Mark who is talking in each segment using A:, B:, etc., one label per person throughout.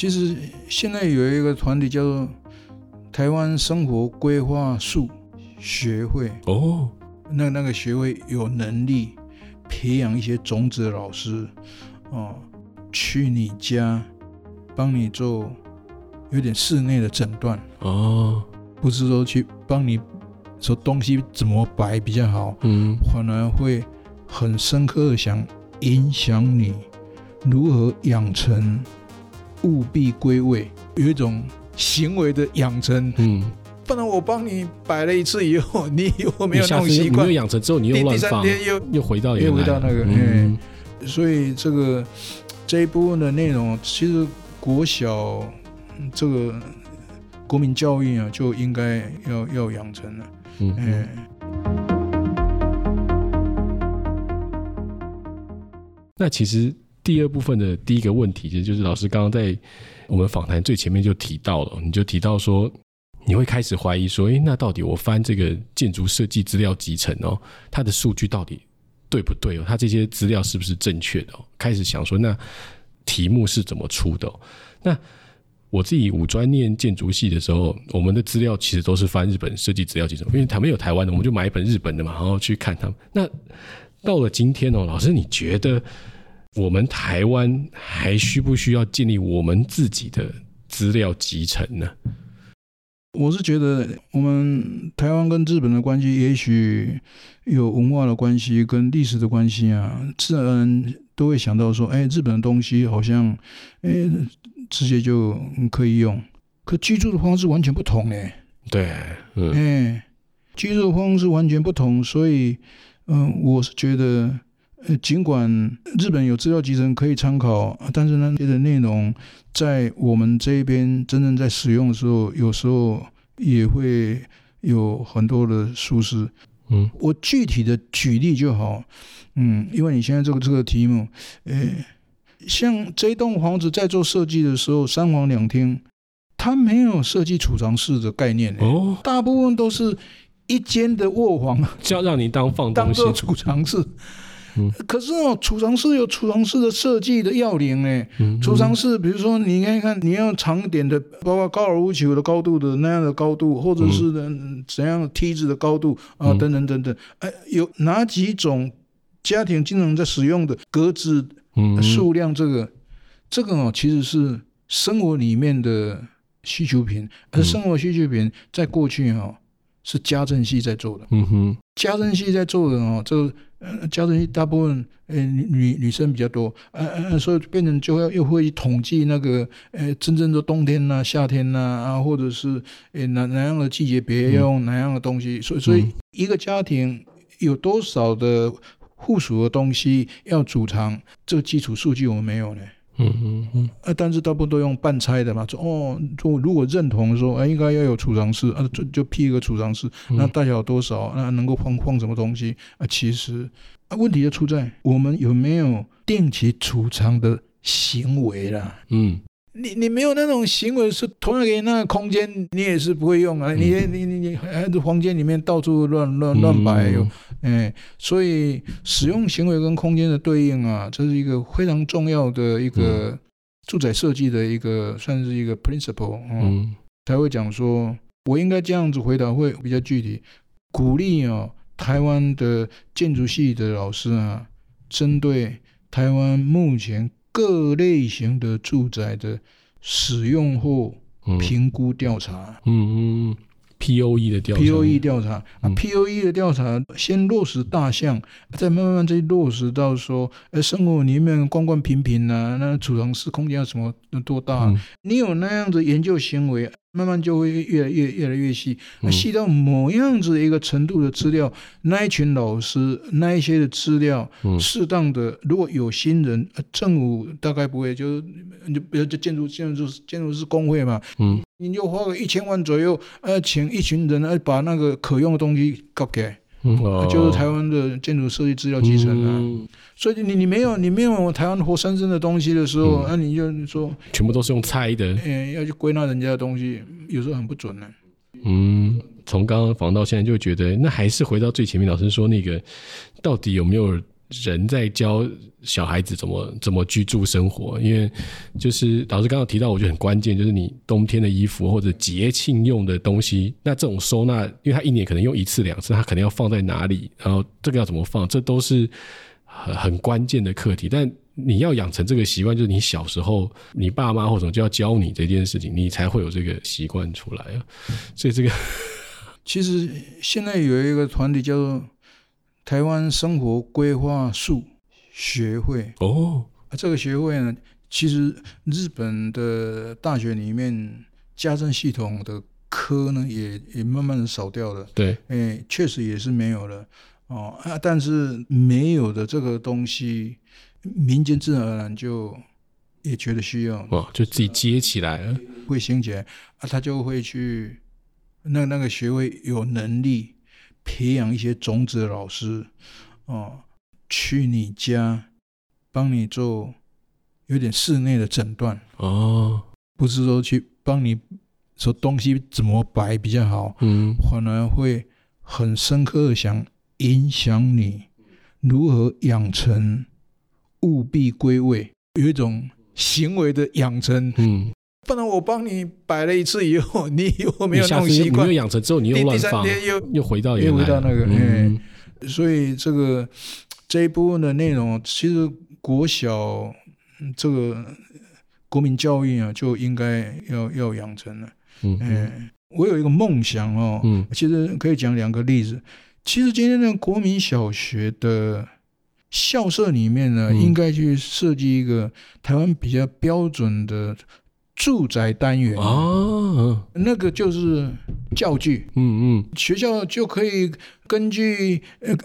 A: 其實現在有一個團體叫做台灣生活規劃術學會哦，那那個學會有能力培養一些種子的老師去你家幫你做有點室內的診斷，不是說去幫你說東西怎麼擺比較好，嗯，反而會很深刻地想影響你如何養成。務必歸位，
B: 有一種行為的養成，嗯，
A: 不能我幫你擺了一次以後，你以後沒，沒有養成習慣，第三天又
B: 又回到又回到那個，嗯，嗯，
A: 所以這個這一部分的內容，其實國小這個國民教育啊，就應該要要養成了，嗯，嗯嗯，
B: 那其實。第二部分的第一個問題，其實就是老師剛剛在我們訪談最前面就提到了、喔，你就提到說你會開始懷疑說，誒，那到底我翻這個建築設計資料集成哦、喔，它的數據到底對不對哦、喔？它這些資料是不是正確的、喔？開始想說，那題目是怎麼出的、喔？那我自己五專念建築系的時候，我們的資料其實都是翻日本設計資料集成，因為台沒有台灣的，我們就買一本日本的嘛，然後去看他們。那到了今天哦、喔，老師你覺得？我們台灣還需不需要建立我們自己的資料集成呢？
A: 我是覺得，我們台灣跟日本的關係，也許有文化的關係，跟歷史的關係啊，自然都會想到說，哎、欸，日本的東西好像，哎、欸，直接就可以用。可居住的方式完全不同嘞、欸。
B: 對，嗯、
A: 欸，居住的方式完全不同，所以，嗯，我是覺得。呃，儘管日本有資料集成可以參考，但是呢，這些內容在我們這邊真正在使用的時候，有時候也會有很多的疏失。嗯，我具體的舉例就好。嗯，因為你現在這個這個題目，呃、欸，像這棟房子在做設計的時候，三房兩廳，它沒有設計儲藏室的概念、欸。哦，大部分都是一間的臥房，
B: 就要讓你當放東西 儲
A: 藏室。 嗯、可是哦，儲藏室有儲藏室的設計的要領哎、嗯嗯，儲藏室比如說你看看你要長一點的，包括高爾夫球的高度的那樣的高度，或者是怎怎樣的梯子的高度、嗯、啊等等等等，哎，有哪幾種家庭經常在使用的格子數量？這個這個哦，其實是生活裡面的需求品，而生活需求品在過去哦。是家政系在做的，嗯哼，家政系在做的哦，這個呃，家政系大部分、欸、女女女生比較多，嗯、呃、嗯所以變成就會又會統計那個誒、欸、真正的冬天呐、啊、夏天吶啊，啊，或者是誒、欸、哪哪樣的季節別用、嗯、哪樣的東西，所以所以一個家庭有多少的附屬的東西要儲藏，這個基礎數據我們沒有呢。嗯嗯嗯，啊，但是大部分都用半拆的嘛，哦，就如果認同說，哎，應該要有儲藏室啊，就就批一個儲藏室，那大小有多少，那、嗯啊、能夠放放什麼東西啊？其實啊，問題就出在我們有沒有定期儲藏的行為啦。嗯。你你沒有那種行為，是同樣給你那個空間，你也是不會用啊。嗯、你你你你還在房間裡面到處亂亂亂擺有，哎、嗯欸，所以使用行為跟空間的對應啊，這是一個非常重要的一個住宅設計的一個、嗯、算是一個 principle 嗯，嗯才會講說，我應該這樣子回答會比較具體，鼓勵哦、喔，台灣的建築系的老師啊，針對台灣目前。各類型的住宅的使用後評估調查，嗯
B: 嗯，
A: 嗯，P O E 的調，P O E 調查，P O E 的調查先落實大項、嗯，再慢慢再落實到說，哎、欸，生活裡面罐罐瓶瓶啊，那儲藏室空間什麼有多大，啊嗯，你有那樣子研究行為？慢慢就會越來越越來越細，細、啊、到某樣子一個程度的資料、嗯，那一群老師那一些的資料，適當的、嗯、如果有新人、啊，政府大概不會，就是你比如建築建築建築師公會嘛，嗯，你就花個一千萬左右，呃、啊，請一群人來把那個可用的東西搞給，
B: 嗯啊、就是台
A: 灣的建築設計資料集成啊。嗯所以你你沒有你
B: 沒有我台灣活生生的東西的時候，那、
A: 嗯啊、你就你說
B: 全部都是用猜的，嗯、
A: 欸，要去歸納人家的東西，有時候很不準呢、啊。嗯，
B: 從剛剛訪到現在，就覺得那還是回到最前面，老師說那個到底有沒有人在教小孩子怎麼怎麼居住生活？因為就是老師剛剛提到，我覺得很關鍵，就是你冬天的衣服或者節慶用的東西，那這種收納，因為他一年可能用一次兩次，他可能要放在哪裡，然後這個要怎麼放，這都是。很很關鍵的課題，但你要養成這個習慣，就是你小時候，你爸媽或者就要教你這件事情，你才會有這個習慣出來啊。嗯。所以這個，其實現在有
A: 一個團體叫做台灣生活規劃術學會。哦。啊，這個學會呢，其實日本的大學裡面家政系統的科呢，也也慢慢的少掉了。對。哎、欸，確實也是沒有了。哦，啊，但是沒有的這個東西，民間自然而然就也覺得需要，哦，就自己接起
B: 來了，啊、會
A: 興起來啊，他就會去那那個學會有能力培養一些種子的老師，哦，去你家幫你做有點室內的診斷哦，不是說去幫你說東西怎麼擺比較好，嗯，反而會很深刻的想，影響你如何養成，務必歸位，有一種行為的養成，嗯，不然我幫你擺了一次以後，你以後沒有那種習慣，沒有養成之後，你又亂放，你你又又回到原來又回到那個，哎、嗯嗯，所以這個這一部分的內容，其實國小這個國民教育啊，就應該要要養成了，嗯嗯，我有一個夢想哦，嗯，其實可以講兩個例子。其實今天的國民小學的校舍裡面呢，嗯，應該去設計一個台灣比較標準的住宅單元，啊、那個就是教具，嗯嗯，學校就可以根據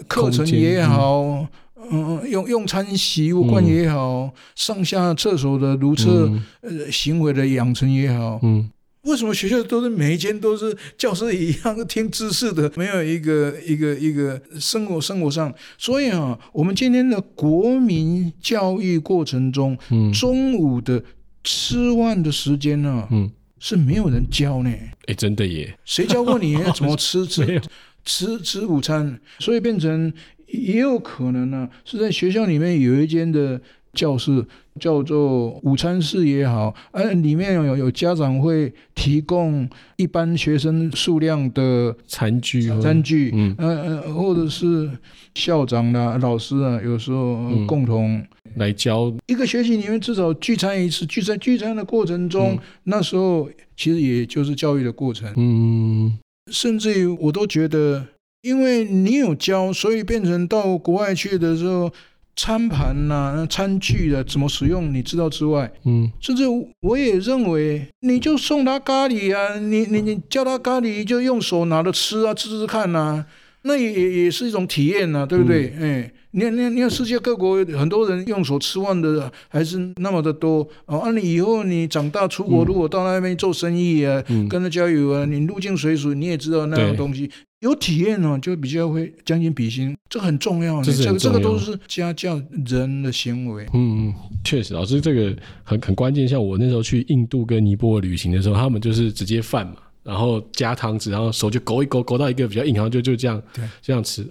A: 課程也好，嗯，呃、用用餐習慣也好，嗯，上下廁所的如廁，嗯呃，行為的養成也好，嗯。為什麼學校都是每一間都是教室一樣的聽知識的，沒有一個一個一個生活生活上？所以啊，我們今天的國民教育過程中，嗯、中午的吃飯的時間呢、啊，嗯，是沒有人教呢。哎、
B: 欸，真的耶？誰教過你要怎麼
A: 吃 吃吃吃午餐？所以變成也有可能呢、啊，是在學校裡面有一間的。教室，叫做午餐室也好，呃、啊，裡面有有家長會提供一般學生數量的餐具，餐具，嗯、啊，或者是校長啊、老師啊，有時候共同、嗯、來教。一個學期裡面至少聚餐一次，聚餐，聚餐的過程中、嗯，那時候其實也就是教育的過程。
B: 嗯，
A: 甚至於我都覺得，因為你有教，所以變成到國外去的時候。餐盤吶、啊、餐具的、啊、怎麼使用，你知道之外，嗯，甚至我也認為，你就送他咖喱啊，你你你叫他咖喱，就用手拿着吃啊，吃吃看啊，那也也也是一種體驗吶、啊，對不對？嗯、哎，你你你看世界各國很多人用手吃飯的還是那麼的多、哦、啊。那你以後你長大出國，如果到那邊做生意啊、嗯、跟他交流啊，你入境隨俗，你也知道那種東西。有體驗了，就比較會將心比心，這很重要。這是、這個、這個都是家教人的行為。
B: 嗯嗯，確實，老師這個很很關鍵。像我那時候去印度跟尼泊爾旅行的時候，他們就是直接飯嘛，然後加湯汁，然後手就勾一勾，勾到一個比較硬，然後就就這樣這樣吃。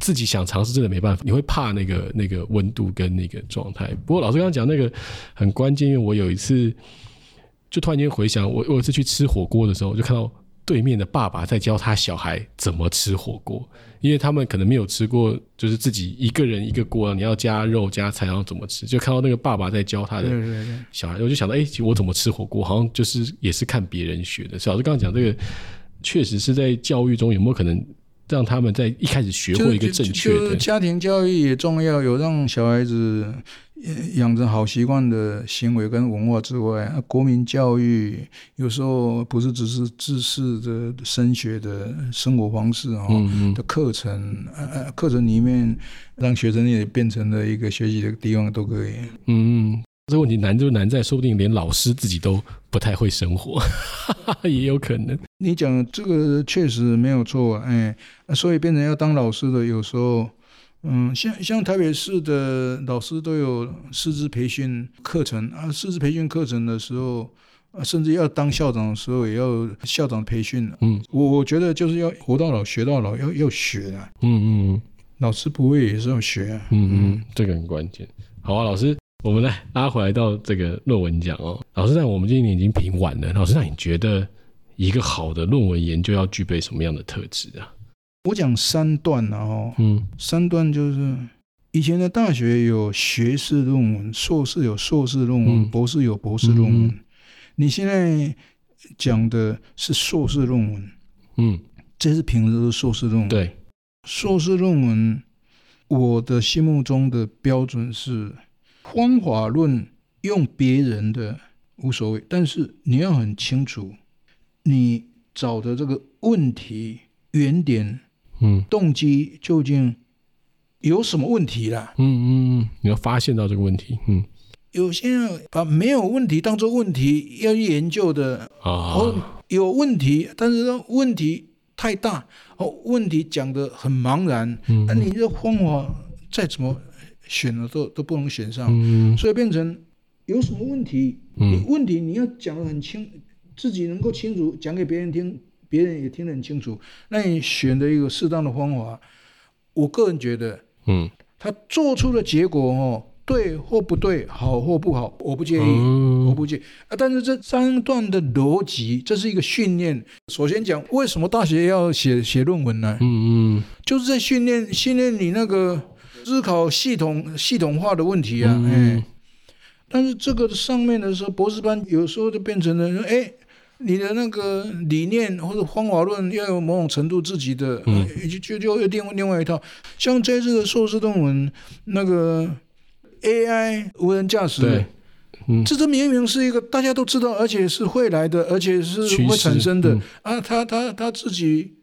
B: 自己想嘗試真的沒辦法，你會怕那個那個溫度跟那個狀態。不過老師剛剛講那個很關鍵，因為我有一次就突然間回想，我我有一次去吃火鍋的時候，我就看到。對面的爸爸在教他小孩怎麼吃火鍋，因為他們可能沒有吃過，就是自己一個人一個鍋、啊，你要加肉加菜，然後怎麼吃，就看到那個爸爸在教他的小孩，對對對我就想到，哎、欸，其實我怎麼吃火鍋，好像就是也是看別人學的。所以老師剛剛講這個，確實是在教育中有沒有可能讓他們在一開始學會一個正確的家庭教育也
A: 重要，有讓小孩子。養成好習慣的行為跟文化之外，啊、國民教育有時候不是只是知識的、升學的、生活方式哦，嗯嗯的課程、啊，課程裡面讓學生也變成了一個學習的地方都可
B: 以。嗯，這問題難就難在，說不定連老師自己都不太會生活，
A: 也有可能。你講這個確實沒有錯，哎，所以變成要當老師的有時候。嗯，像像台北市的老師都有師資培訓課程啊，師資培訓課程的時候，啊，甚至要當校長的時候也要校長培訓。嗯，我我覺得就是要活到老學到老，要要學
B: 啊。嗯嗯嗯，老師不會也是要學啊。嗯嗯，嗯，這個很關鍵。好啊，老師，我們來拉回來到這個論文獎哦、喔。老師，那我們今年已經評完了，老師那你覺得一個好的論文研究要具備什麼樣的特質啊？我講
A: 三段啊、哦，哦、嗯，三段就是以前的大學有學士論文，碩士有碩士論文、嗯，博士有博士論文、嗯嗯嗯。你現在講的是碩士論文，
B: 嗯，
A: 這是平日的碩士論文、嗯。對，碩士論文，我的心目中的標準是方法論，用別人的無所謂，但是你要很清楚，你找的這個問題原點。嗯，動機究竟有什麼問題
B: 了？嗯嗯嗯，你要發現到這個問題。嗯，
A: 有些要把沒有問題當做問題要去研究的啊，有問題，但是問題太大，哦，問題講得很茫然，嗯，那你的方法再怎麼選了都、嗯、都不能選上，嗯，所以變成有什麼問題，嗯，你問題你要講得很清，自己能夠清楚講給別人聽。別人也聽得很清楚，那你選擇一個適當的方法。我個人覺得，嗯，他做出的結果哦，對或不對，好或不好，我不介意，嗯、我不介意啊。但是這三段的邏輯，這是一個訓練。首先講，為什麼大學要寫寫論文呢？嗯嗯，就是在訓練訓練你那個思考系統系統化的問題啊。嗯、哎，但是這個上面的時候，博士班有時候就變成了，哎。你的那個理念或者方法論要有某種程度自己的，嗯、就就又另另外一套。像這次的碩士論文，那個 AI 無人駕駛，嗯、這這明明是一個大家都知道，而且是會來的，而且是會產生的、嗯、啊！他他他，他自己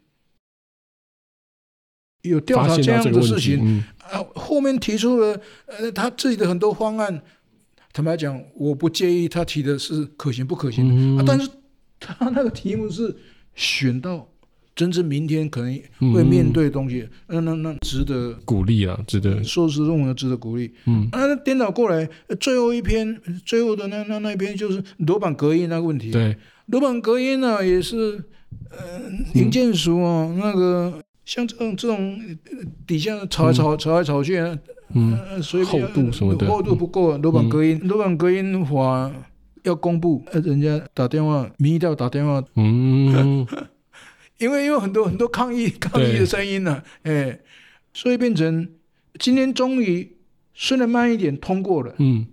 A: 有調查這樣的事情、嗯、啊，後面提出了呃他自己的很多方案。坦白講，我不介意他提的是可行不可行的、嗯啊，但是。他那個題目是選到真正明天可能會面對的東西，嗯、那那那值得
B: 鼓勵啊，值得
A: 碩士論文值得鼓勵。嗯，那、啊、顛倒過來，最後一篇，最後的那那那一篇就是樓板隔音那個問題。對，樓板隔音呢、啊、也是，呃喔、嗯，零件熟啊，那個像這種這種底下吵來吵吵來吵去啊，嗯，呃、所以厚度什麼的厚度不夠，啊、嗯，樓板隔音，樓、嗯、板隔音的話。要公布，呃，人家打電話，民意代表打電話，嗯呵呵，因為有很多很多抗議抗議的聲音呢、啊欸，所以變成今天終於雖然慢一點通過了，嗯，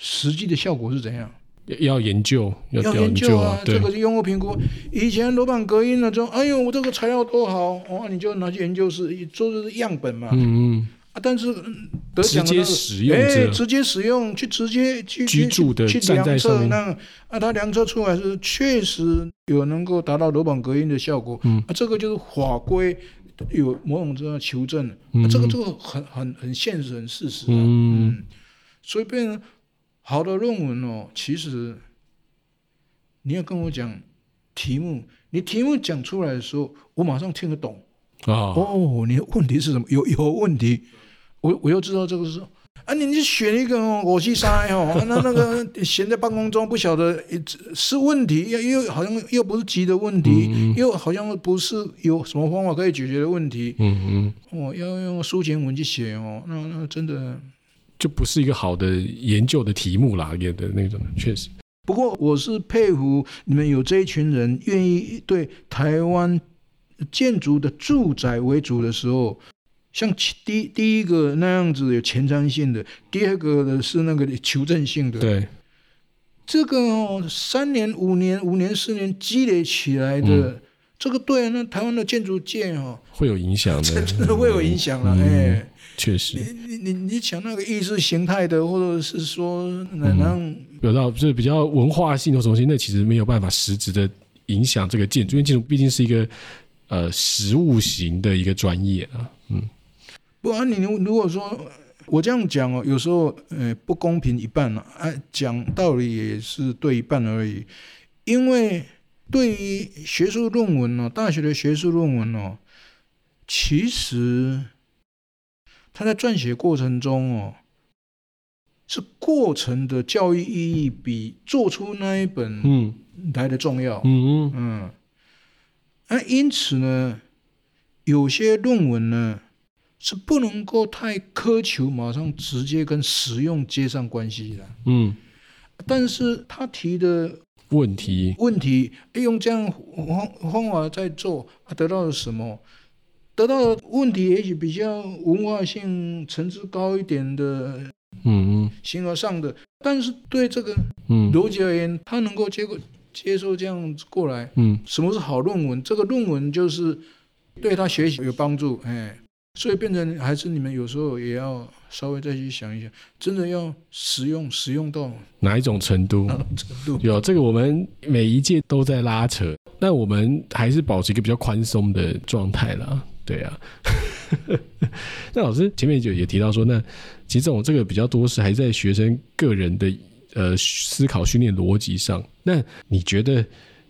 B: 實際的效果是怎樣？要要研究，要,要研究啊，究啊對這
A: 個是用後評估。以前樓板隔音了之後， 哎呦，我這個材料多好，哦，你就拿去研究室做的是樣本嘛，嗯,嗯。啊、但是得獎的、那個，直接使用，哎，直接使用，去直接去去去量測，那那個、他、啊、量測出來是確實有能夠達到樓板隔音的效果，嗯、啊，這個就是法規有某種這樣求證、嗯啊，這個就很很很現實，很事實的嗯，嗯，所以變成好的論文哦，其實你要跟我講題目，你題目講出來的時候，我馬上聽得懂哦，哦，你的問題是什麼？有有問題？我我又知道這個是，啊，你你選一個哦，我去塞哦、 啊，那那個閒在辦公中不曉得是問題，又又好像又不是急的問題，嗯嗯，又好像不是有什麼方法可以解決的問題。嗯嗯，我、哦、要用抒情文去寫哦，那那真的
B: 就不是一個好的研究的題目啦，也的那種確實。不過我是佩服你們有
A: 這一群人願意對台灣建築的住宅為主的時候。像第第一個那樣子有前瞻性的，第二個的是那個求證性的。對，這個哦、三年五年五年四年積累起來的，嗯、這個對那台灣的建築界哦，
B: 會有影響的，真的會有影響了，哎、嗯，欸、確實。
A: 你你你講那個意識形態的，或者是說能讓
B: 有到、嗯、就是比較文化性的東西，那其實沒有辦法實質的影響這個建築，因為建築畢竟是一個呃實物型的一個專業啊，嗯。
A: 不啊，你如如果說我這樣講哦，有時候呃、欸、不公平一半了、啊，哎、啊，講道理也是對一半而已，因為對於學術論文哦，大學的學術論文哦，其實他在撰寫過程中哦，是過程的教育意義比做出那一本嗯來的重要嗯嗯，嗯、啊、因此呢，有些論文呢。是不能夠太苛求，馬上直接跟實用接上關係
B: 的。
A: 嗯，但是他提的問題，問題用這樣方方法在做，得到了什麼？得到了問題也許比較文化性層次高一點的，行的，嗯
B: 嗯，
A: 形而上的。但是對這個邏輯而言，嗯，他能夠接受接受這樣子過來，嗯，什麼是好論文？嗯，這個論文就是對他學習有幫助，哎。所以變成，還是你們有時候也要稍微再去想一想，真的要實用，實用到
B: 哪一種程度？啊、程度有這個，我們每一屆都在拉扯，那我們還是保持一個比較寬鬆的狀態啦。對啊。 那老師前面就也提到說，那其實這種這個比較多是還是在學生個人的呃思考訓練邏輯上，那你覺得？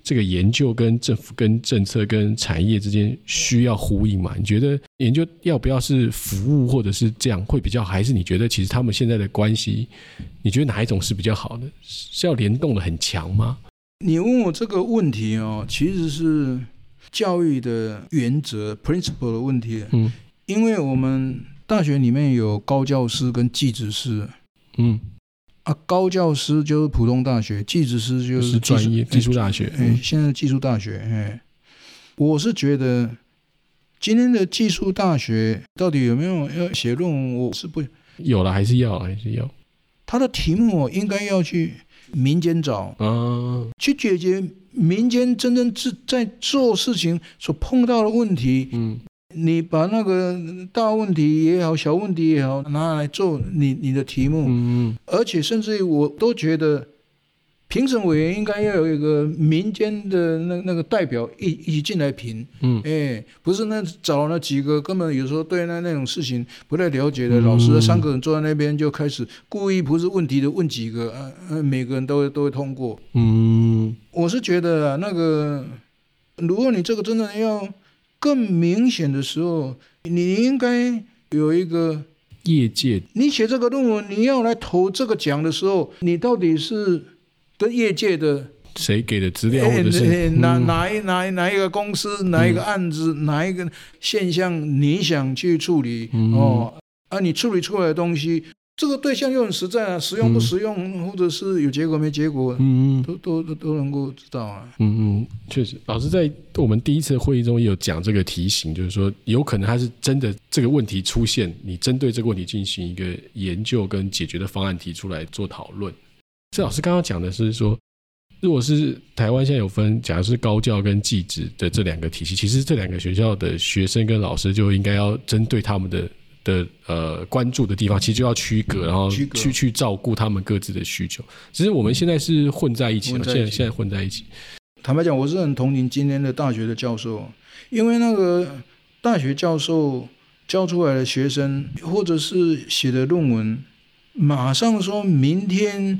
B: 這個研究跟政府、跟政策、跟產業之間需要呼應嘛？你覺得研究要不要是服務或者是這樣會比較好，還是你覺得其實他們現在的關係，你覺得哪一種是比較好的？是要聯動得很強嗎？
A: 你問我這個問題哦，其實是教育的原則 （principle） 的問題。嗯，因為我們大學裡面有高教師跟技職師。嗯。啊，高教師就是普通大學，技術師就是專、就是、業技術大學。哎、欸欸，現在技術大學，哎、嗯欸，我是覺得今天的技術大學到底有沒有要寫論文？我是不
B: 有了，還是要還是要？
A: 他的題目我應該要去民間找啊，去解決民間真正在做事情所碰到的問題。嗯。你把那個大問題也好，小問題也好，拿來做你你的題目嗯嗯，而且甚至於我都覺得，評審委員應該要有一個民間的那那個代表一一起進來評，嗯、哎，不是那找那幾個根本有時候對那那種事情不太了解的、嗯、老師，三個人坐在那邊就開始故意不是問題的問幾個，呃、啊、每個人都都會通過，嗯，我是覺得、啊、那個，如果你這個真的要。更明顯的時候，你應該有一個業界。你寫這個論文，你要來投這個獎的時候，你到底是跟業界的
B: 誰給的資料？哪哪一
A: 哪一哪一個公司，哪一個案子，嗯、哪一個現象，你想去處理、嗯、哦，啊，你處理出來的東西。這個對象又很實在啊，實用不實用，嗯、或者是有結果沒結果，嗯嗯，都都都能夠知道啊。嗯
B: 嗯，確實，老師在我們第一次會議中也有講這個提醒，就是說有可能他是真的這個問題出現，你針對這個問題進行一個研究跟解決的方案提出來做討論。這老師剛剛講的是說，如果是台灣現在有分，講的是高教跟技職的這兩個體系，其實這兩個學校的學生跟老師就應該要針對他們的。的呃，關注的地方其實就要區隔，嗯，區隔，然後去去照顧他們各自的需求。其實我們現在是混在一起了，混在一起，現在現在混在一起。坦
A: 白講，我是很同情今天的大學的教授，因為那個大學教授教出來的學生，或者是寫的論文，馬上說明天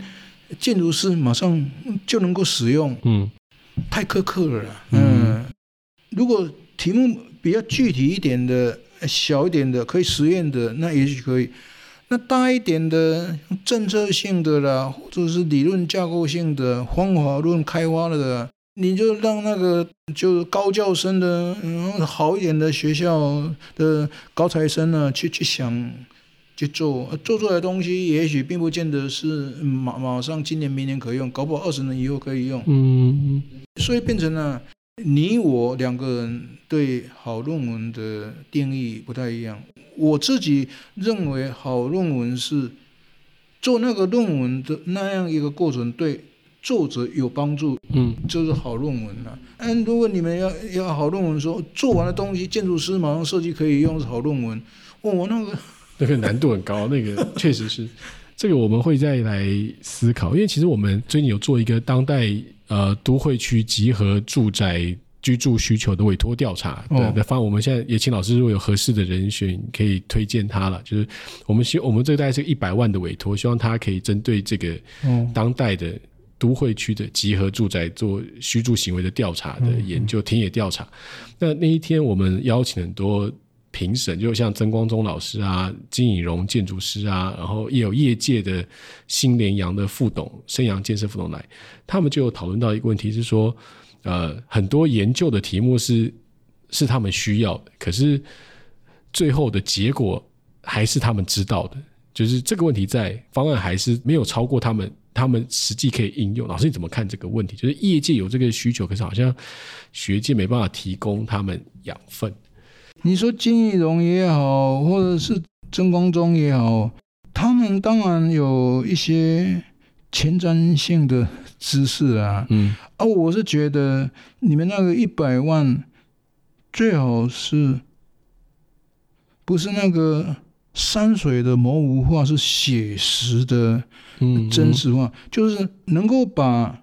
A: 建築師馬上就能夠使用，
B: 嗯，
A: 太苛刻了啦，嗯，嗯。如果題目比較具體一點的。小一點的可以實驗的，那也許可以；那大一點的政策性的啦，或者是理論架構性的、方法論開發了的，你就讓那個就是高教生的，嗯，好一點的學校的高材生呢、啊，去去想去做，做出來的東西，也許並不見得是馬馬上今年明年可以用，搞不好二十年以後可以用。嗯，嗯，嗯，所以變成了、啊。你我兩個人對好論文的定義不太一樣。我自己認為好論文是做那個論文的那樣一個過程對作者有幫助，嗯，就是好論文了、啊。嗯、哎，如果你們要要好論文說做完的東西，建築師馬上設計可以用是好論文，問我那個
B: 那個難度很高， 那個確實是這個我們會再來思考，因為其實我們最近有做一個當代。呃，都會區集合住宅居住需求的委託調查，那、哦、反正我們現在也請老師，如果有合適的人選，可以推薦他了。就是我們希，我們這個大概是一百萬的委託，希望他可以針對這個當代的都會區的集合住宅做居住行為的調查的研究田、嗯、野調查。那那一天，我們邀請很多，評審就像曾光宗老師啊、金以榮建築師啊，然後也有業界的新聯陽的副董、昇陽建設副總來，他們就討論到一個問題，是說，呃，很多研究的題目是是他們需要的，可是最後的結果還是他們知道的，就是這個問題在方案還是沒有超過他們，他們實際可以應用。老師你怎麼看這個問題？就是業界有這個需求，可是好像學界沒辦法提供他們養分。你說金逸榮
A: 也好，或者是曾光宗也好，他們當然有一些前瞻性的知識啊。嗯，哦，我是覺得你們那個一百萬，最好是，不是那個山水的模糊化，是寫實的，嗯，真實化，就是能夠把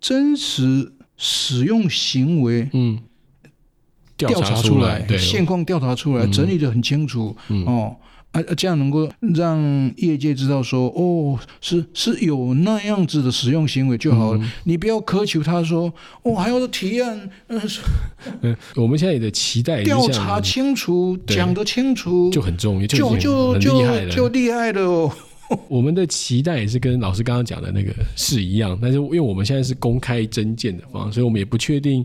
A: 真實使用行為，嗯。調查出來，現況調查出來，出來嗯、整理得很清楚、嗯、哦，啊，這樣能夠讓業界知道說，哦，是是有那樣子的使用行為就好了、嗯。你不要苛求他說，哦，還有的提案嗯，嗯，
B: 我們現在也在期待調查
A: 清楚，講得
B: 清楚就很重要，就就很厲就就厲害的。 我們的期待也是跟老師剛剛講的那個是一樣，但是因為我們現在是公開徵件的方，所以我們也不確定，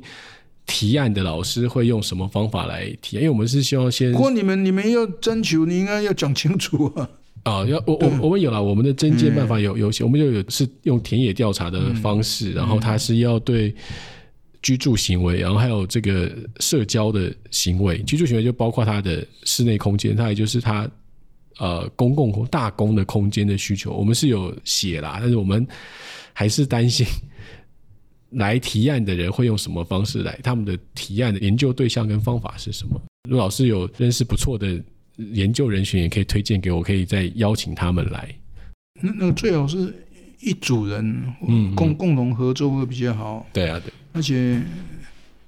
B: 提案的老師會用什麼方法來提案？因為我們是希望先……不過，你
A: 們你們要徵求，你應該要講清楚啊！啊、
B: 呃，要我我我們有了我們的徵集辦法有、嗯、有些，我們就有是用田野調查的方式，嗯、然後它是要對居住行為，然後還有這個社交的行為。嗯、居住行為就包括它的室內空間，它也就是它呃公共大公的空間的需求。我們是有寫啦，但是我們還是擔心。 來提案的人會用什麼方式來？他們的提案的研究對象跟方法是什麼？如果老師有認識不錯的研究人群，也可以推薦給我，可以再邀請他們來。
A: 那那最好是一組人，嗯，嗯，共共同合作會比較好。
B: 對啊，對。
A: 而且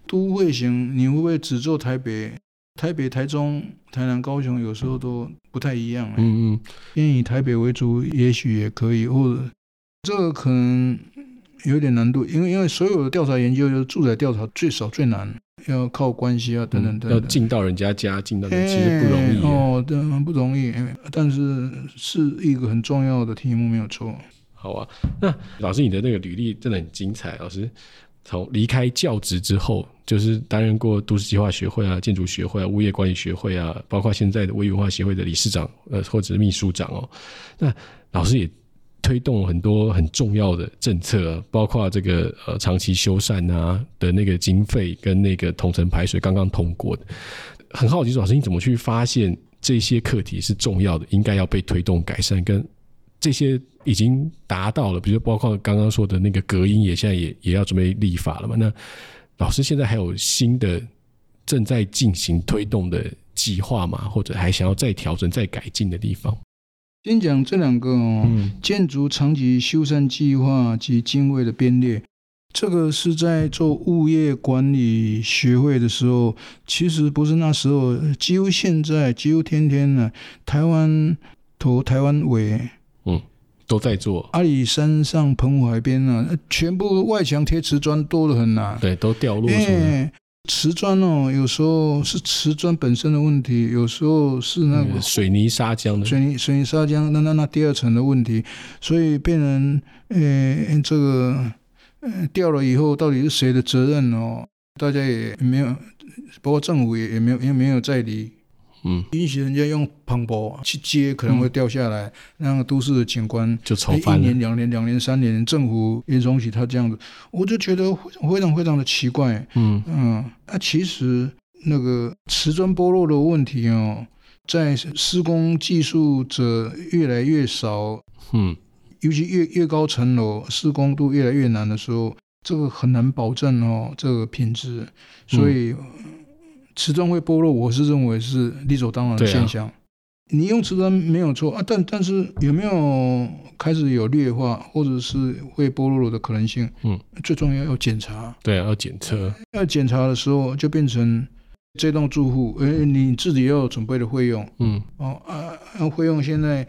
A: 都會型。你會不會只做台北、台北、台中、台南、高雄？有時候都不太一樣、欸。嗯嗯，因為以台北為主，也許也可以，或者這個可能。有點難度，因為因為所有的調查研究就是住宅
B: 調查最少最難，
A: 要靠關係啊等等等，等、嗯。要進
B: 到人家家，進到人家其實
A: 不容易、啊、哦，對，很不容易。但是是一個很重要的題目，沒有
B: 錯。好啊，那老師你的那個履歷真的很精彩，老師從離開教職之後，就是擔任過都市計劃學會啊、建築學會啊、物業管理學會啊，包括現在的衛浴文化協會的理事長呃或者是秘書長哦。那老師也。推動很多很重要的政策啊，包括這個呃長期修繕啊的那個經費跟那個同城排水剛剛通過的。很好奇，老師你怎麼去發現這些課題是重要的，應該要被推動改善，跟這些已經達到了，比如說包括剛剛說的那個隔音也，也現在也也要準備立法了嘛？那老師現在還有新的正在進行推動的計劃嗎？或者還想要再調整、再改進的地方？
A: 先講這兩個哦，嗯、建築長期修繕計劃及經費的編列，這個是在做物業管理學會的時候，其實不是那時候，幾乎現在幾乎天天呢、啊，台灣頭台灣尾，嗯，
B: 都在做
A: 阿里山上、澎湖海邊啊，全部外牆貼瓷磚多得很啊，對，都掉落出瓷磚哦，有時候是瓷磚本身的問題，有時候是那個
B: 水泥砂漿的水泥
A: 水泥砂漿，那那那第二層的問題，所以變成嗯、呃、這個嗯、呃、掉了以後，到底是誰的責任哦？大家也沒有，包括政府也也沒有也沒有在理。嗯，允許人家用篷布去接，可能會掉下來，嗯、那個、都市的景觀就醜翻了，哎。一年、兩年、兩年、三年，政府也允許他這樣子，我就覺得非常、非常、非常的奇怪。嗯嗯，那、啊、其實那個瓷磚剝落的問題哦，在施工技術者越來越少，嗯，尤其越越高層樓、哦、施工度越來越難的時候，這個很難保證哦，這個品質，所以。嗯瓷磚會剝落，我是認為是理所當然的現象。啊、你用瓷磚沒有錯啊，但但是有沒有開始有劣化或者是會剝落的可能性？嗯，最重要要檢查。
B: 對、啊，要檢測、
A: 啊。要檢查的時候就變成這棟住戶、欸，你自己要有準備的費用。嗯，哦啊，費用現在。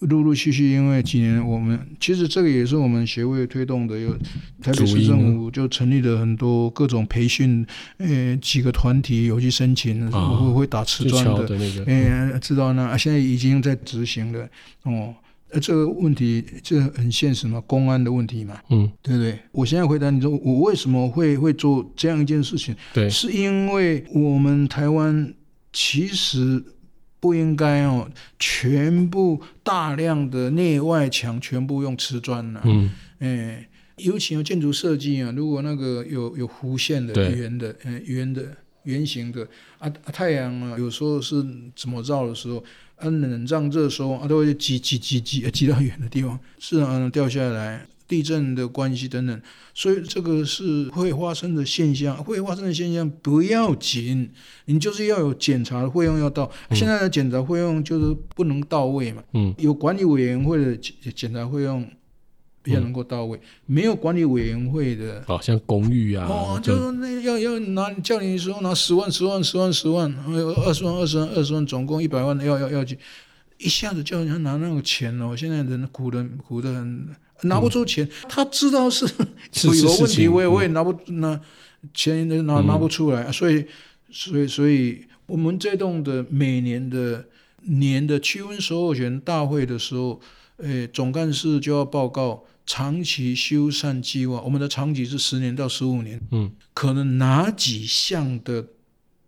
A: 陸陸續續，因為幾年，我們其實這個也是我們協會推動的。有台北市政府就成立了很多各種培訓，誒、呃，幾個團體有去申請，會、啊、會打瓷磚的，誒、那個、呃，知道呢、啊？現在已經在執行了。哦、嗯嗯呃，這個問題、這個、很現實嘛，公安的問題嘛，嗯，對不對？我現在回答你說，我為什麼會會做這樣一件事情？對，是因為我們台灣其實。不應該哦，全部大量的內外牆全部用瓷磚了、啊。嗯，誒、哎，尤其有建築設計啊，如果那個有有弧線的、圓的、嗯圓的圓形的啊太陽啊，有時候是怎麼照的時候，啊冷脹熱縮啊都會擠擠擠擠擠到遠的地方，是啊掉下來。地震的關係等等，所以這個是會發生的現象，會發生的現象不要緊，你就是要有檢查費用要到，嗯、現在的檢查費用就是不能到位嘛。嗯，有管理委員會的檢檢查費用比較能夠到位，嗯，沒有管理委員會的，
B: 好，哦，像公寓啊，哦，就
A: 是那要要拿叫你說拿十萬十萬十萬十萬，還有二十萬二十萬二十萬，總共一百萬要要要，要去。一下子叫人家拿那個錢哦！現在人苦的苦得很，拿不出錢。嗯、他知道是，是有問題，我我也拿不拿錢、嗯，拿錢拿，拿不出來、嗯。所以，所以，所以，我們這棟的每年的年的區分所有權大會的時候，誒、哎，總幹事就要報告長期修繕計劃。我們的長期是十年到十五年。嗯。可能哪幾項的？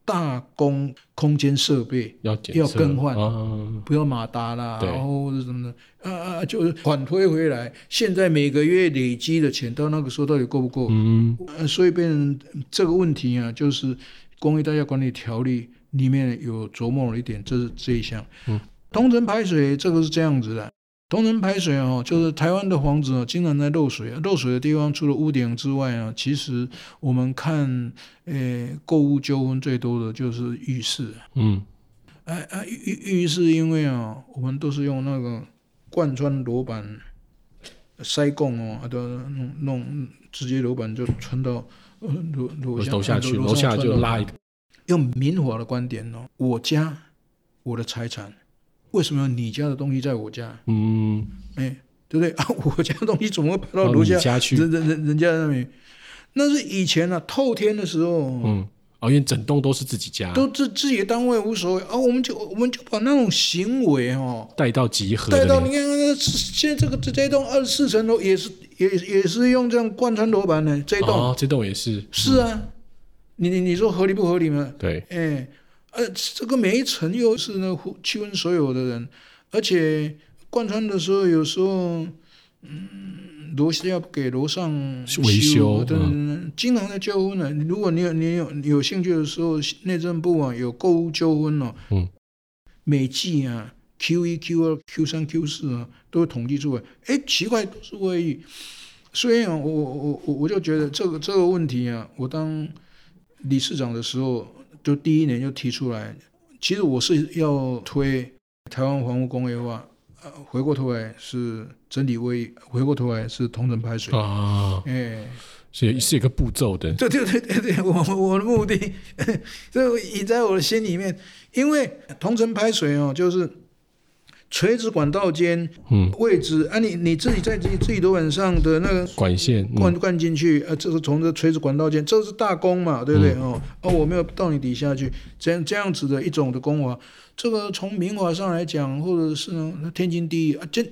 A: 大工空間設備要要更換、啊，不要馬達啦，然後或者什麼的，啊，就是反推回來。現在每個月累積的錢，到那個時候到底夠不夠？嗯、呃，所以變成這個問題啊，就是《公寓大廈管理條例》裡面有著墨了一點，這、就是這一項。嗯，同層排水這個是這樣子的。同層排水哦，就是台灣的房子，哦、經常在漏水啊。漏水的地方除了屋頂之外啊，其實我們看，誒、欸，購物糾紛最多的就是浴室。
B: 嗯，
A: 哎、啊、浴浴室因為啊、哦，我們都是用那個貫穿樓板塞縫哦，啊，都弄弄直接樓板就穿到樓樓、呃、下去，樓下就拉一個。用民法的觀點哦，我家我的財產。為什麼你家的東西在我家？
B: 嗯，
A: 哎、欸，對不對啊？我家的東西怎麼會跑到人、啊、家去？人、人、人、家那裡？那是以前呢、啊，透天的時候。
B: 嗯，哦，因為整棟都是自己家，都
A: 自自己的單位無所謂啊。我們就我
B: 們就把那種行為哦帶到集合，帶到
A: 你看，那現在這個這這棟二十四層樓也是也是也是用這樣貫穿樓板的，這一棟、
B: 哦、這一棟也是。是
A: 啊，嗯、你你你說合理不合理嘛？對，哎、欸。呃，這個每一層又是呢，區分所有的人，而且貫穿的時候，有時候，嗯，樓下要給樓上修維修，等、嗯、經常在糾紛呢。如果你有你有你有興趣的時候，內政部啊有購物糾紛哦，嗯，每季啊，Q 一、Q 二、Q 三、Q 四啊，都會統計出來。哎，奇怪，都是衛浴，所以、啊、我我我我就覺得這個這個問題啊，我當理事長的時候。就第一年就提出來，其實我是要推台灣房屋工業化，呃，回過頭來是整體衛浴，回過頭來
B: 是同層排水哦，哎，是是一個步驟的。對對對
A: 對對，我我的目的，這 已 在我的心裡面，因為同層排水哦，就是。垂直管道間，嗯，位置啊，你，你你自己在自己自己樓板上的那個
B: 管線灌
A: 灌、嗯、進去，啊，這是從這垂直管道間，這是大工嘛，對不對？哦、嗯，哦，我沒有到你底下去，這樣這樣子的一種的工啊。這個從民法上來講，或者是呢，天經地義啊，建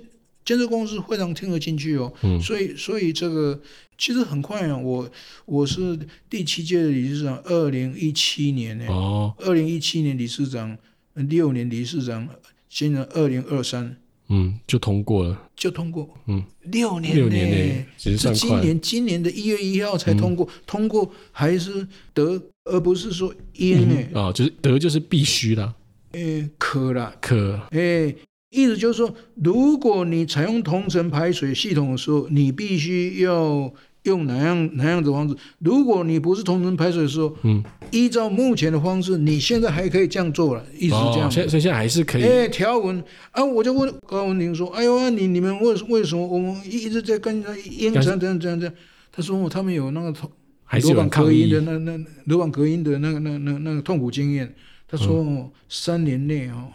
A: 建築公司非常聽得進去哦，嗯、所以所以這個其實很快啊，我我是第七屆的理事長，二零一七年呢，哦，二零一七年理事長，六年理事長。今年二零二三，嗯，
B: 就通過了，
A: 就通過，嗯，
B: 六年、欸，六年呢、欸，是今年，
A: 今年的一月一號才通過，嗯、通過還是得，而不是說因、欸。為、嗯、
B: 啊、哦、就是得，就是必須啦，哎、
A: 欸，
B: 可啦，可，哎、
A: 欸，意思就是說，如果你採用同層排水系統的時候，你必須要。用哪樣哪樣子方式？如果你不是同層排水的時候，嗯，依照目前的方式，你現在還可以這樣做了，一直這樣。現、哦、現
B: 在還是可以。哎、欸，
A: 條文啊，我就問高文婷說：“哎呦啊，你你們為為什麼我們一一直在跟它應承這樣這樣這樣？”他說：“哦，他們有那個樓板隔音的那那樓板隔音的那個那那那個痛苦經驗。”他說、嗯：“哦，三年內哦、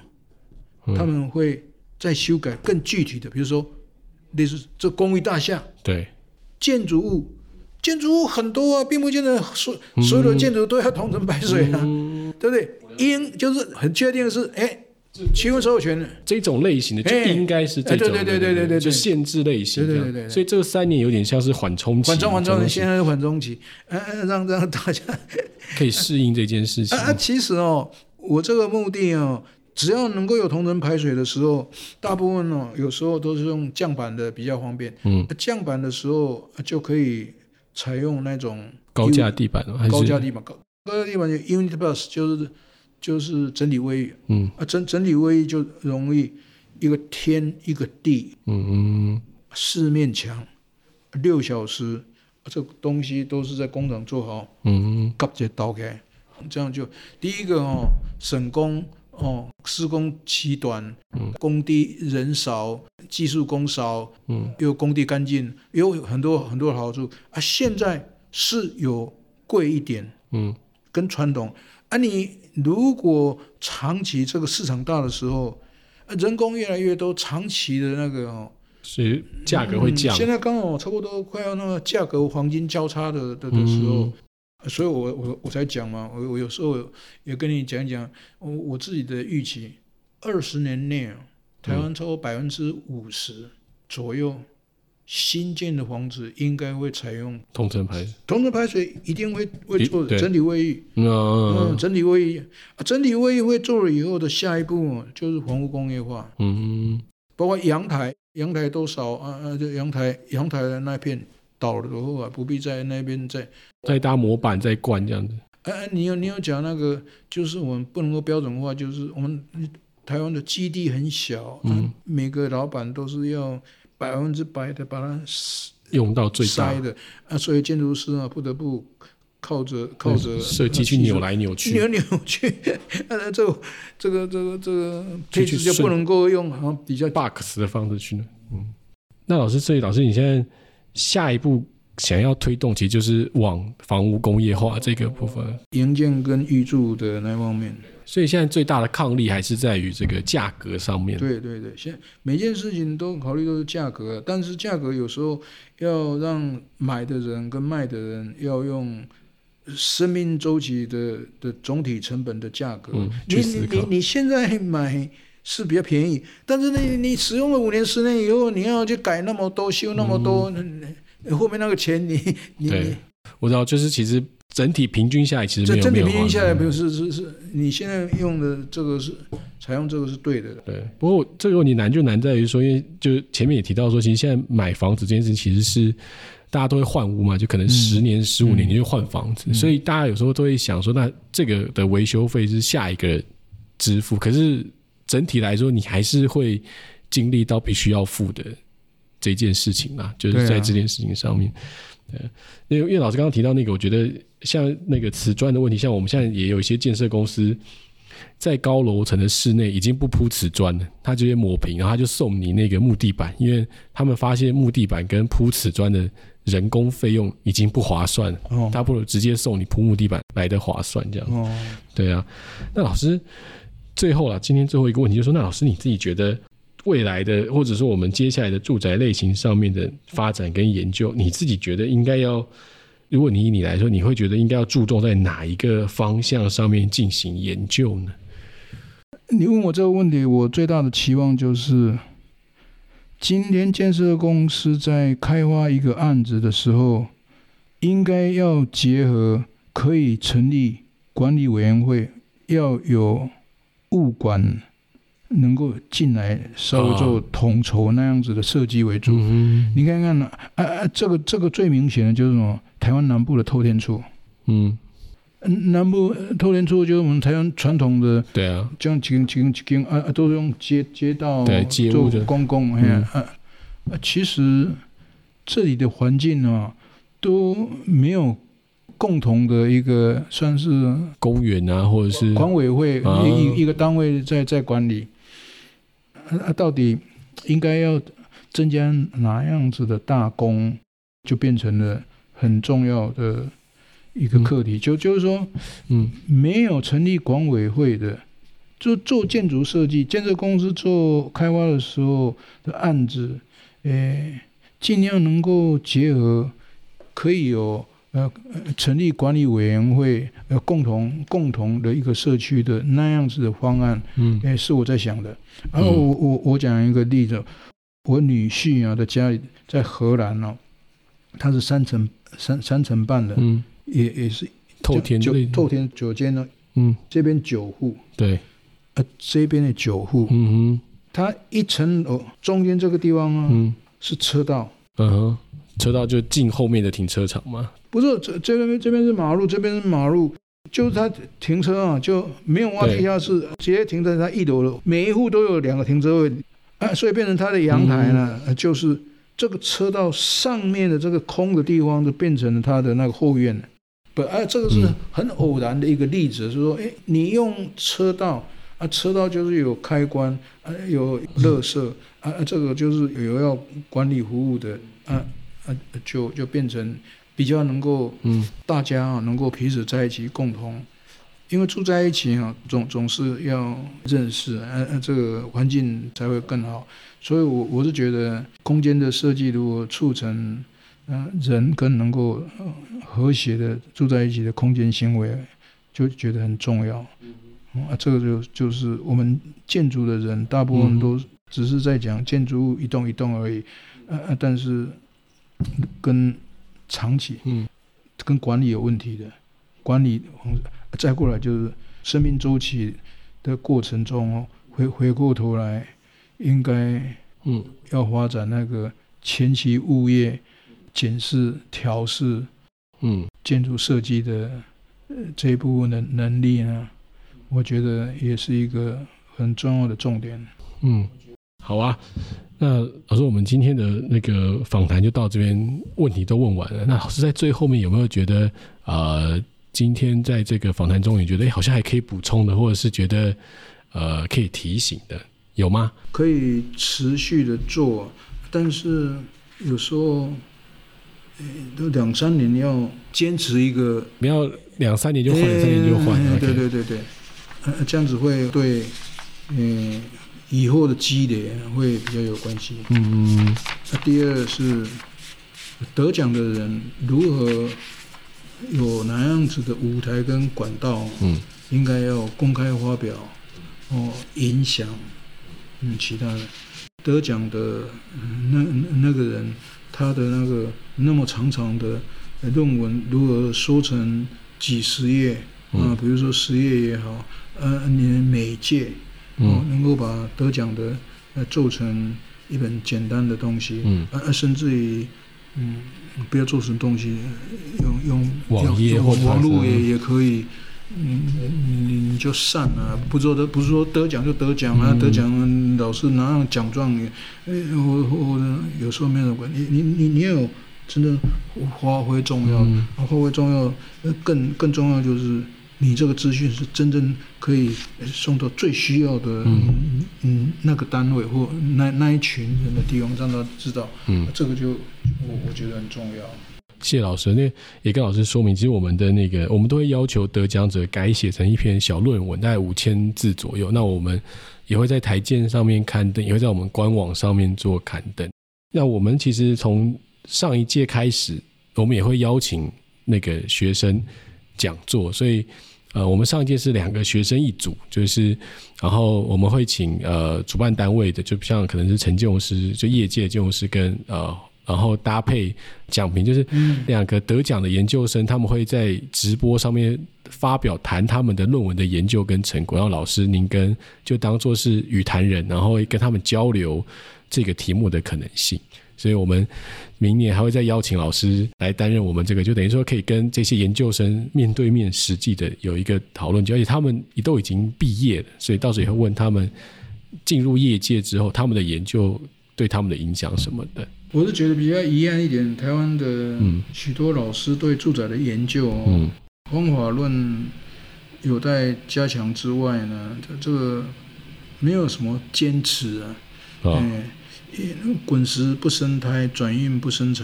A: 嗯，他們會再修改更具體的，比如說類似這公益大廈。”對。建築物，建築物很多啊，並不見得所所有的建築都要同層排水啊、嗯嗯，對不對？因就是很確定的是，哎，
B: 區分所有權這種類型的就應該是這種類型的，對對對對對，就是限制類型的，對對，對對對，所以這個三年有點像是緩衝期、啊對對對對，緩衝期緩，現在是緩衝期，嗯、呃，讓讓大家可以適應這件事情呵呵。啊，
A: 其實哦，我這個目的哦。只要能夠有同層排水的時候，大部分呢、喔、有時候都是用降板的比較方便。嗯、降板的時候就可以採用那種
B: U, 高架地板高架地板，
A: 高高架地板就 unit bus 就是就是整體衛浴。嗯，啊整整體衛浴就容易一個天一個地。嗯
B: 嗯，
A: 四面牆六小時、啊，這東西都是在工廠做好。嗯，直接倒開，這樣就第一個哦、喔、省工哦。喔施工期短，嗯，工地人少，技術工少，嗯，又工地乾淨，又有很多很多好處。啊，現在是有貴一點，嗯，跟傳統。啊，你如果長期這個市場大的時候，人工越來越多，長期的那個哦，
B: 是價格會降。嗯，現
A: 在剛好差不多快要那個價格黃金交叉的、的、的時候。嗯所以我我我才講嘛，我我有時候也跟你講講我我自己的預期，二十年內啊台灣超過百分之五十左右、嗯、新建的房子應該會採用
B: 同層排水，
A: 同層排水一定會會做、欸、整體衛浴嗯，嗯，整體衛浴，整體衛浴會做了以後的下一步就是房屋工業化，嗯,嗯，包括陽台，陽台多少啊啊，這陽台陽台的那片。倒了之後啊，不必在那邊再
B: 再搭模板再灌這樣子。哎、
A: 啊、哎，你有你有講那個，就是我們不能夠標準化，就是我們台灣的基地很小，嗯，啊、每個老板都是要百分之百的把它塞的用到最大的，啊，所以建築師啊不得不靠着靠着設計去扭來扭去，扭扭去，那、啊、這這個這個這個配置、這
B: 個、就不能夠用好像比較 box 的方式去弄，嗯。那老師所以老師你現在。下一步想要推動，其實就是往房屋工業化這個部分，營建跟預鑄的那方面。所以現在最大的抗力還是在於這個價格上面、嗯。對
A: 對對，現在每件事情都考慮都是價格，但是價格有時候要讓買的人跟賣的人要用生命週期的的總體成本的價格去思考、嗯、你你你你現在買？是比較便宜，但是你你使用了五年十年以後，你要去改那麼多修那麼多，嗯，後面那個錢你你，
B: 我知道就是其實整體平均下來其實沒有這整體平均下來
A: 比如是是是，是，是，你現在用的這個是採用這個是對的。
B: 對，不過這個問你難就難在於說，因為就前面也提到說，其實現在買房子這件事情其實是大家都會換屋嘛，就可能十年十五、嗯、年你就換房子，嗯嗯，所以大家有時候都會想說，那這個的維修費是下一個支付，可是。整體來說，你還是會經歷到必須要付的這件事情嘛？就是在這件事情上面，對，因為因為老師剛剛提到那個，我覺得像那個瓷磚的問題，像我們現在也有一些建設公司，在高樓層的室內已經不鋪瓷磚了，他直接抹平，然後他就送你那個木地板，因為他們發現木地板跟鋪瓷磚的人工費用已經不划算了，他不如直接送你鋪木地板來得划算，這樣，哦，對啊，那老師。最後啊，今天最後一個問題就是說，那老師你自己覺得未來的或者說我們接下來的住宅類型上面的發展跟研究，你自己覺得應該要，如果你以你來說，你會覺得應該要注重在哪一個方向上面進行研究呢？你問我這個問題，我最大的期望就是，今天建設公司
A: 在開發一個案子的時候，應該要結合可以成立管理委員會，要有。物管能夠進來稍微做統籌那樣子的設計為主，你看看呢？哎哎，這個這個最明顯的就是什麼？台灣南部的透天厝，嗯，南部透天厝就是我們台灣傳統的，對啊，這樣幾根幾根幾根，呃都是用街街道做公共，嗯啊，啊，其實這裡的環境呢、啊、都沒有。共同的一
B: 個算是公園啊，或者是管委會一一
A: 個單位在在管理，啊，到底應該要增加哪樣子的大工，就變成了很重要的一個課題。就就是說，嗯，沒有成立管委會的，就做建築設計、建設公司做開發的時候的案子，誒，盡量能夠結合，可以有。呃，呃，成立管理委員會，呃，共同共同的一個社區的那樣子的方案，嗯，也、呃、是我在想的。然後我我我講一個例子，我女婿啊的家裡在荷蘭哦，他是三層三三層半的，嗯，也也是透天內透天九間呢、哦，嗯，這邊九戶，對，呃，這邊的
B: 九戶，嗯哼，它一層哦，中間這個地方啊，嗯，是車道，嗯哼，車道就進後面的停車場嘛。不
A: 是這這邊這邊是馬路，這邊是馬路，就是他停車啊，就沒有挖地下室，直接停在他一樓了。每一戶都有兩個停車位，啊，所以變成他的陽台呢，就是這個車道上面的這個空的地方，就變成了他的那個後院了。不，哎、啊，這個是很偶然的一個例子，是說，哎，你用車道啊，車道就是有開關，啊，有垃圾，啊，這個就是有要管理服務的，啊啊，就就變成。比較能夠，嗯，大家能夠彼此在一起共同，因為住在一起啊，總總是要認識，嗯嗯，這個環境才會更好。所以，我我是覺得，空間的設計如果促成，嗯，人跟能夠和諧的住在一起的空間行為，就覺得很重要。嗯，啊，這個就就是我們建築的人，大部分都只是在講建築物一棟一棟而已，嗯嗯，但是跟.長期，嗯，跟管理有問題的管理，再過來就是生命週期的過程中哦，回回，回過頭來，應該，嗯，要發展那個前期物業檢視調試，嗯，建築設計的、呃、這一部分的能力呢，我覺得也是一個很重要的重點，嗯，
B: 好啊。那老師，我們今天的那個訪談就到這邊，問題都問完了。那老師在最後面有沒有覺得，呃，今天在這個訪談中，你覺得、欸、好像還可以補充的，或者是覺得呃可以提醒的，有嗎？
A: 可以持續的做，但是有時候、欸、都兩三年，要堅持一個，不要
B: 兩三年就換，兩、欸、三年就換、欸，對對對對，
A: 這樣子會對嗯。欸以後的積累會比較有關係。嗯嗯，嗯。
B: 那、
A: 啊、第二是得獎的人如何有哪樣子的舞台跟管道？嗯。應該要公開發表，哦，影響嗯其他的。得獎的那那個人，他的那個那麼長長的論文如何說成幾十頁、嗯、啊？比如說十頁也好，啊你每屆。哦、嗯，能夠把得獎的呃做成一本簡單的東西，嗯，啊啊，甚至於嗯，不要做成東西，用用網網絡也也可以，嗯，你你就散了、啊，不做得不是說得獎就得獎啊，嗯、得獎老是拿獎獎狀，哎，我我，我有時候沒有，關係，你你你你也有真的發揮重要，嗯、發揮重要，更更重要就是。你這個資訊是真正可以送到最需要的，嗯嗯那個單位、嗯、或那那一群人的地方，讓他知道，嗯，這個就我我覺得很重要。
B: 謝謝老師，那也跟老師說明，其實我們的那個，我們都會要求得獎者改寫成一篇小論文，大概五千字左右。那我們也會在台建上面刊登，也會在我們官網上面做刊登。那我們其實從上一屆開始，我們也會邀請那個學生講座，所以。呃，我們上一屆是兩個學生一組，就是，然後我們會請呃主辦單位的，就像可能是陳建築師，就業界建築師跟呃，然後搭配講評，就是兩個得獎的研究生，他們會在直播上面發表，談他們的論文的研究跟成果，讓老師您跟就當做是與談人，然後跟他們交流這個題目的可能性。所以，我們明年還會再邀請老師來擔任我們這個，就等於說可以跟這些研究生面對面實際的有一個討論。而且他們也都已經畢業了，所以到時候也會問他們進入業界之後，他們的研究對他們的影響什麼的。
A: 我是覺得比較遺憾一點，台灣的許多老師對住宅的研究，
B: 嗯
A: 嗯、方法論有待加強之外呢，這這個沒有什麼堅持啊。哦哎滾石不生苔，轉運不生財。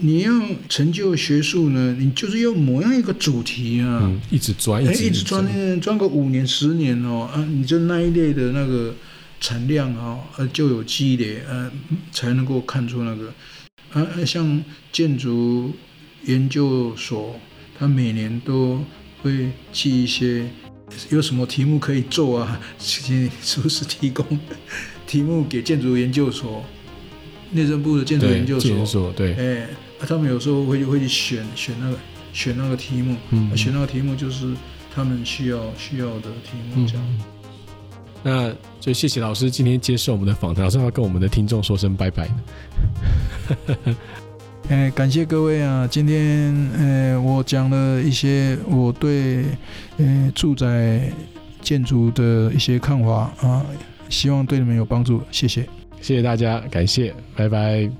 A: 你要成就學術呢，你就是要模樣一個主題啊，
B: 一直鑽，一直
A: 鑽，鑽、欸、個五年、十年哦、喔，啊，你就那一類的那個產量、喔、啊，就有積累，啊，才能夠看出那個。啊，像建築研究所，他每年都會寄一些有什麼題目可以做啊，些不是提供？的。題目給建築研究所、內政部的建築研究所，對，對哎、啊，他們有時候會會去選選那個選那個題目，嗯，選那個題目就是他們需要需要的題目，
B: 這樣、嗯。那就謝謝老師今天接受我們的訪談，老師要跟我們的聽眾說聲拜拜
A: 哎，感謝各位啊，今天，哎，我講了一些我對、哎、住宅建築的一些看法啊。希望對你們有幫助，謝謝，謝謝大家，感謝，拜拜。